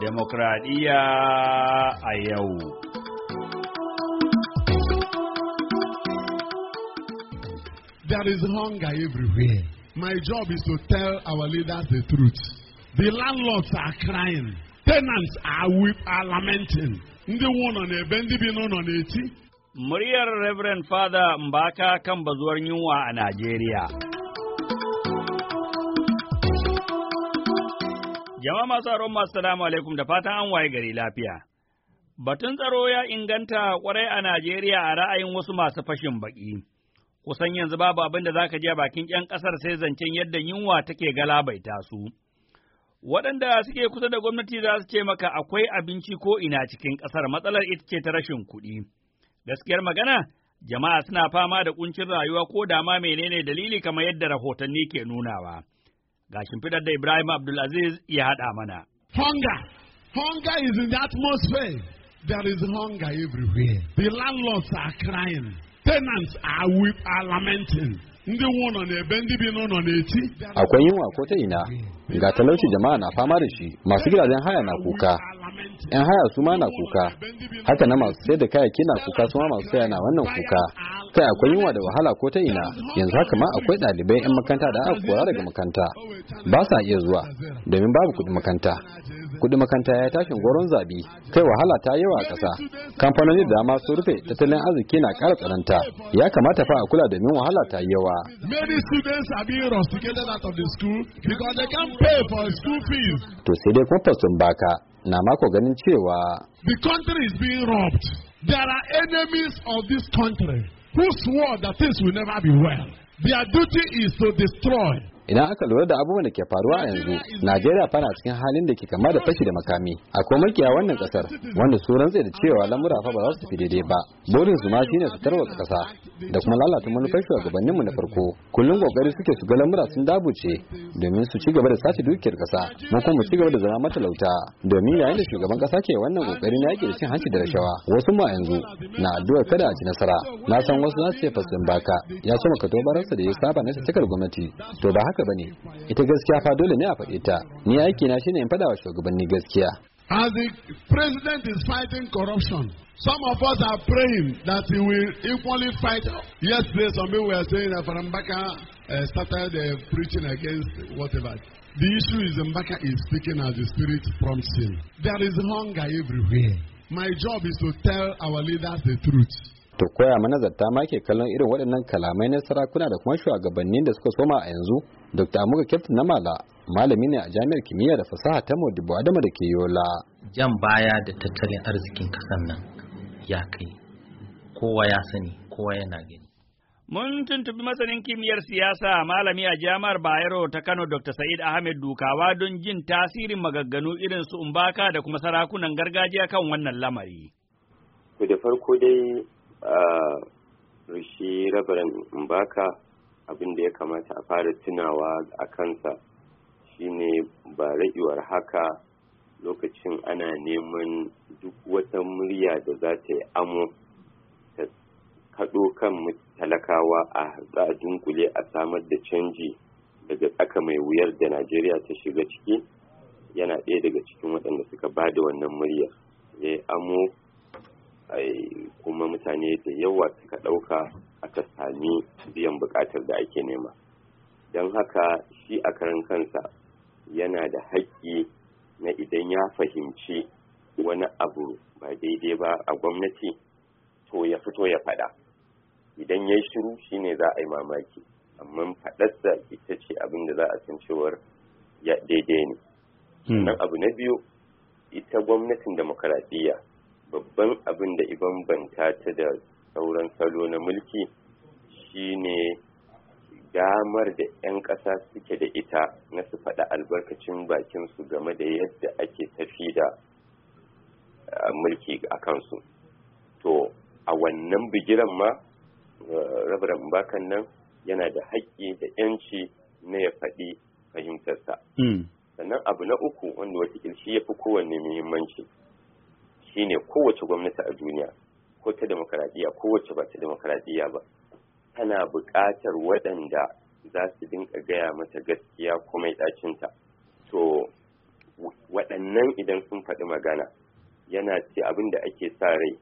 Demokradiyya a yau. There is hunger everywhere. My job is to tell our leaders the truth. The landlords are crying. Tenants are, weep, are lamenting. Ndị nwụọ n'ebe ndị bi n'ụlọ Muryar Reverend Father Mbaka kan bazuwar yunwa a Najeriya. Jama'a masu tsaron masu salamu alaikum da fatan an waye gari lafiya. Batun tsaro ya inganta kwarai a Najeriya a ra'ayin wasu masu fashin baki. Kusan yanzu babu abin da za ka a bakin ƴan ƙasar sai zancen yadda yunwa take galabaita su. Waɗanda suke kusa da gwamnati za su ce maka akwai abinci ko ina cikin ƙasar matsalar ita ce ta rashin kuɗi. Gaskiyar magana, jama'a suna fama da ƙuncin rayuwa ko da ma menene dalili kamar yadda rahotanni ke nunawa. Ga shimfiɗar da Ibrahim Abdulaziz ya haɗa mana. Hunger. Hunger is in the atmosphere. There is hunger everywhere. The landlords are crying. Tenants are, weep, are lamenting. Ndị nwụrụ na-ebe ndị bi n'ụlọ na Akwai yunwa ko ta ina, ga talauci jama'a na fama da shi, masu gidajen haya na kuka, 'yan haya su ma na kuka, haka na masu sayar da kayayyaki na kuka su ma masu saya na wannan kuka. Kai akwai yunwa da wahala ko ta ina, yanzu haka ma akwai ɗalibai 'yan makanta da aka kora daga makanta. ba sa iya zuwa domin babu kuɗin makanta kuɗin makanta ya tashin goron zabi kai wahala ta yawa a ƙasa kamfanoni da dama sun rufe tattalin arziki na ƙara tsananta ya kamata fa a kula domin wahala ta yawa to sai dai kuma sun baka na mako ganin cewa the country is being robbed there are enemies of this country who swore that things will never be well their duty is to destroy idan aka lura da abubuwan da ke faruwa a yanzu najeriya fana cikin halin da ke kama da fashi da makami akwai makiya wannan kasar wanda su rantse da cewa lamura fa ba za su fi daidai ba burin su ma shine su tarwa kasa da kuma lalata manufar shugabannin mu na farko kullum kokari suke su ga lamura sun dabuce domin su ci gaba da sace dukiyar kasa mu kuma mu ci gaba da zama matalauta domin yayin da shugaban kasa ke wannan kokari na yake cin hanci da rashawa wasu ma yanzu na addu'ar kada a ci nasara na san wasu za su ce fasin baka ya ce maka Tobararsa da ya saba na cikar gwamnati to ba haka haka bane ita gaskiya fa dole ne a ta ni aiki na shine in faɗa wa shugabanni gaskiya as the president is fighting corruption Some of us are praying that he will equally fight. Yesterday, some people were saying that Farambaka uh, started uh, preaching against whatever. The issue is Mbaka is speaking as the Spirit prompts him. There is hunger everywhere. My job is to tell our leaders the truth. to koya manazarta ma ke kallon irin waɗannan kalamai na sarakuna da kuma shugabannin da suka soma a yanzu dr Amurka captain na mala malami ne a jami'ar kimiyya da fasaha ta modibo adama da ke yola jan baya da tattalin arzikin kasan nan ya kai kowa ya sani kowa yana gani Mun tuntubi masanin kimiyyar siyasa malami a jami'ar Bayero ta Kano Dr. Sa'id Ahmed Dukawa don jin tasirin magagganu irin su umbaka da kuma sarakunan gargajiya kan wannan lamari. da farko dai Ah, shi rabarin mbaka abin da ya kamata a fara tunawa a kansa shine ba ra'iwar haka lokacin ana neman duk wata murya da za ta yi amo ta kaɗo kan talakawa a za a dunkule a samar da canji daga tsaka mai wuyar da najeriya ta shiga ciki yana ɗaya daga cikin waɗanda suka ba da wannan murya ya yi amo kuma mutane da yawa suka ɗauka aka sami biyan buƙatar da ake nema don haka shi a karan kansa yana da haƙƙi na idan ya fahimci wani abu ba daidai ba a gwamnati to ya fito ya faɗa idan ya yi shiru ne za a yi mamaki amma faɗarsa ita ce abin da za a san cewar daidai ne hmm. sannan abu na biyu ita gwamnatin demokaradiyya babban abin da banta ta da sauran salo na mulki shine damar da 'yan ƙasa suke da ita na su faɗa albarkacin bakin su game da yadda ake tafi da mulki a kansu to a wannan bigiran ma eh, rabaran bakan nan yana da haƙƙi da 'yanci na ya faɗi fahimtarsa mm. sannan abu na uku wanda wata shi ya fi kowanne muhimmanci shine kowace gwamnati a duniya ko ta demokaradiyya kowace ba ta demokaradiyya ba tana buƙatar waɗanda za su dinka gaya mata gaskiya ko mai ɗacinta to waɗannan idan sun faɗi magana yana ce abin da ake sa rai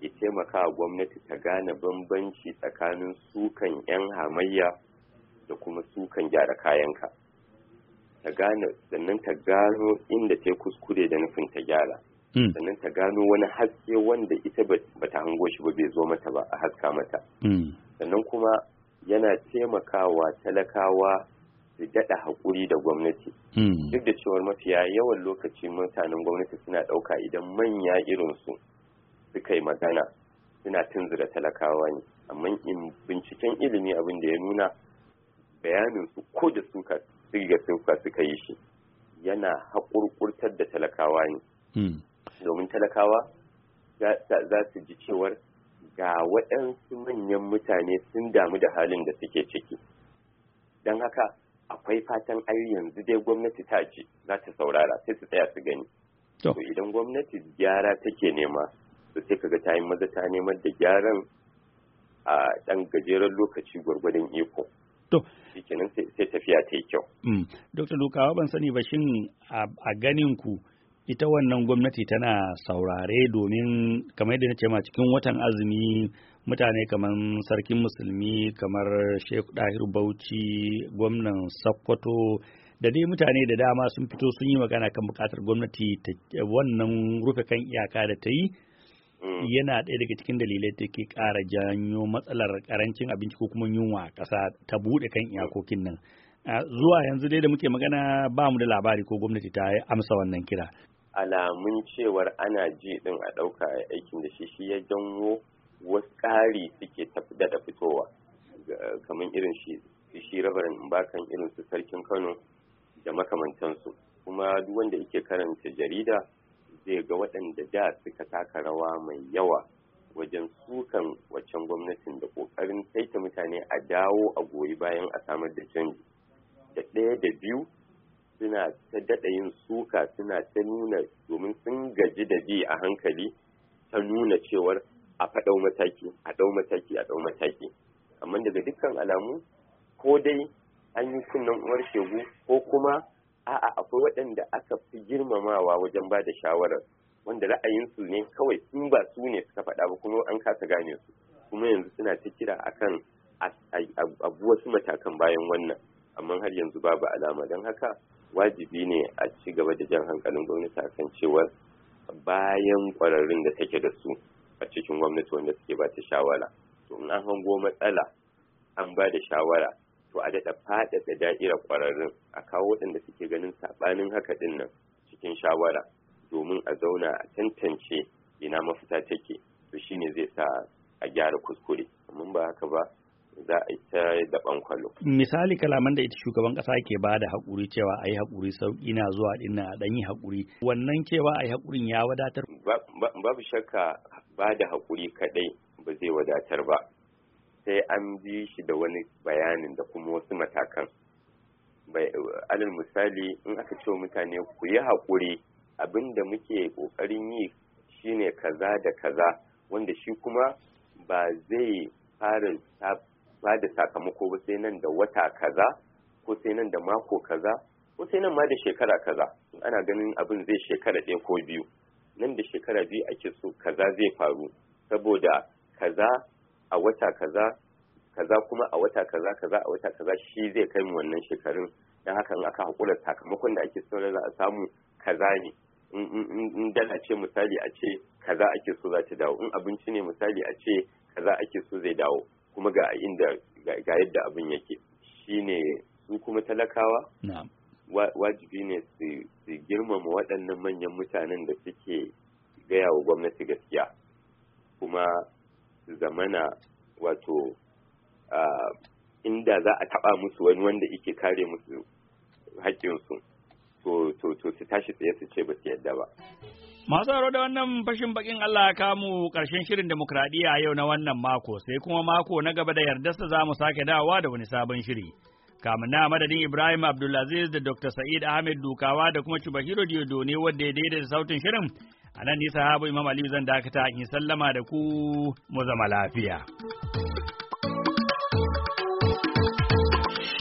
ya taimaka gwamnati ta gane bambanci tsakanin sukan 'yan hamayya da kuma sukan gyara kayanka ta gane sannan ta gano inda ta kuskure da nufin ta gyara Hmm. sannan ta gano wani haske wanda ita bata hango shi ba bai zo mata ba a haska mata hmm. sannan kuma yana taimakawa talakawa su daɗa haƙuri da gwamnati hmm. duk da cewar mafiya yawan lokaci mutanen gwamnati suna ɗauka idan manya irinsu suka yi magana suna tunzura talakawa ne amma in binciken ilimi abin da ya nuna bayanin su ko da suka suka suka suka yi shi yana haƙurƙurtar da talakawa ne domin talakawa za su ji cewar ga waɗansu manyan mutane sun damu da halin da suke ciki don haka akwai fatan ayi yanzu dai gwamnati ta ce za ta saurara sai su tsaya su gani to idan gwamnati gyara take nema su sai kaga ta yi maza ta neman da gyaran a ɗan gajeren lokaci gwargwadon iko to shikenan sai tafiya ta yi kyau mm. dr lukawa ban sani ba shin a ganin ku ita wannan gwamnati tana saurare domin kamar yadda nace ce ma cikin watan azumi mutane kamar sarkin musulmi kamar shehu dahir bauchi gwamnan sakkwato da dai mutane da dama sun fito sun yi magana kan bukatar gwamnati ta wannan rufe kan iyaka da ta yi mm. yana ɗaya daga cikin dalilai da ke ƙara janyo matsalar karancin abinci ko kuma yunwa kasa ƙasa ta buɗe kan iyakokin nan zuwa yanzu dai da muke magana ba mu da labari ko gwamnati ta amsa wannan kira alamun cewar ana ji din a ɗauka aikin da shi shi ya janwo wasu ƙari suke tafiya da fitowa kamar irin shi shi rabarin bakan irin su sarkin kano da makamantansu kuma duk wanda yake karanta jarida zai ga waɗanda da suka taka rawa mai yawa wajen sukan waccan gwamnatin da ƙoƙarin saita mutane a dawo a goyi bayan a samar da canji da ɗaya da biyu suna ta daɗa yin suka suna ta nuna domin sun gaji da bi a hankali ta nuna cewar a faɗau mataki a ɗau mataki a ɗau mataki amma daga dukkan alamu ko dai an yi kunnen uwar shegu ko kuma a'a akwai waɗanda aka fi girmamawa wajen ba da shawarar wanda ra'ayinsu ne kawai sun ba su ne suka faɗa ba kuma an kasa gane su kuma yanzu suna ta kira kan abu wasu matakan bayan wannan amma har yanzu babu alama don haka wajibi ne a ci gaba da jan hankalin gwamnati kan cewar bayan kwararrun da take da su a cikin gwamnati wanda suke ba ta shawara to an hango matsala an ba da shawara to a daɗa faɗaɗa da'ira kwararrun a kawo waɗanda suke ganin saɓanin haka ɗin nan cikin shawara domin a zauna a tantance ina mafita take to shine zai sa a gyara kuskure amma ba haka ba za a ta da kwalo. Misali kalaman da ita shugaban kasa ke ba da haƙuri cewa a yi haƙuri sauƙi na zuwa ɗin a ɗan yi haƙuri wannan cewa a yi haƙurin ya wadatar. Babu shakka ba da haƙuri kaɗai ba zai wadatar ba sai an bi shi da wani bayanin da kuma wasu matakan. alal misali in aka ce mutane ku yi haƙuri abin da muke ƙoƙarin yi shine kaza da kaza wanda shi kuma ba zai fara ba da sakamako ba sai nan da wata kaza ko sai nan da mako kaza ko sai nan ma da shekara kaza ana ganin abin zai shekara ɗaya ko biyu nan da shekara biyu ake so kaza zai faru saboda kaza a wata kaza kaza kuma a wata kaza kaza a wata kaza shi zai kai mu wannan shekarun dan haka in aka hakura sakamakon da ake so za a samu kaza ne in dala ce misali a ce kaza ake so za ta dawo in abinci ne misali a ce kaza ake so zai dawo kuma ga inda ga yadda abin yake shine su kuma talakawa wajibi ne su girmama waɗannan manyan mutanen da suke gaya wa gwamnati gaskiya kuma su zamana wato ah, inda za a taɓa musu wani wanda yake kare musu haƙƙinsu ko to to su tashi tsaye su ce ba su yadda ba Masu haro da wannan fashin bakin Allah ya kamu ƙarshen shirin demokradiyya yau na wannan mako sai kuma mako na gaba da yardarsa za mu sake dawowa da wani sabon shiri. Kamun na madadin Ibrahim Abdulaziz da Dr. Sa'id Ahmed Dukawa da kuma cibahiro Diodo ne wadda ya daidaita sautin shirin. A nan nisa habu Imam Aliyu zan dakata in sallama da ku mu zama lafiya.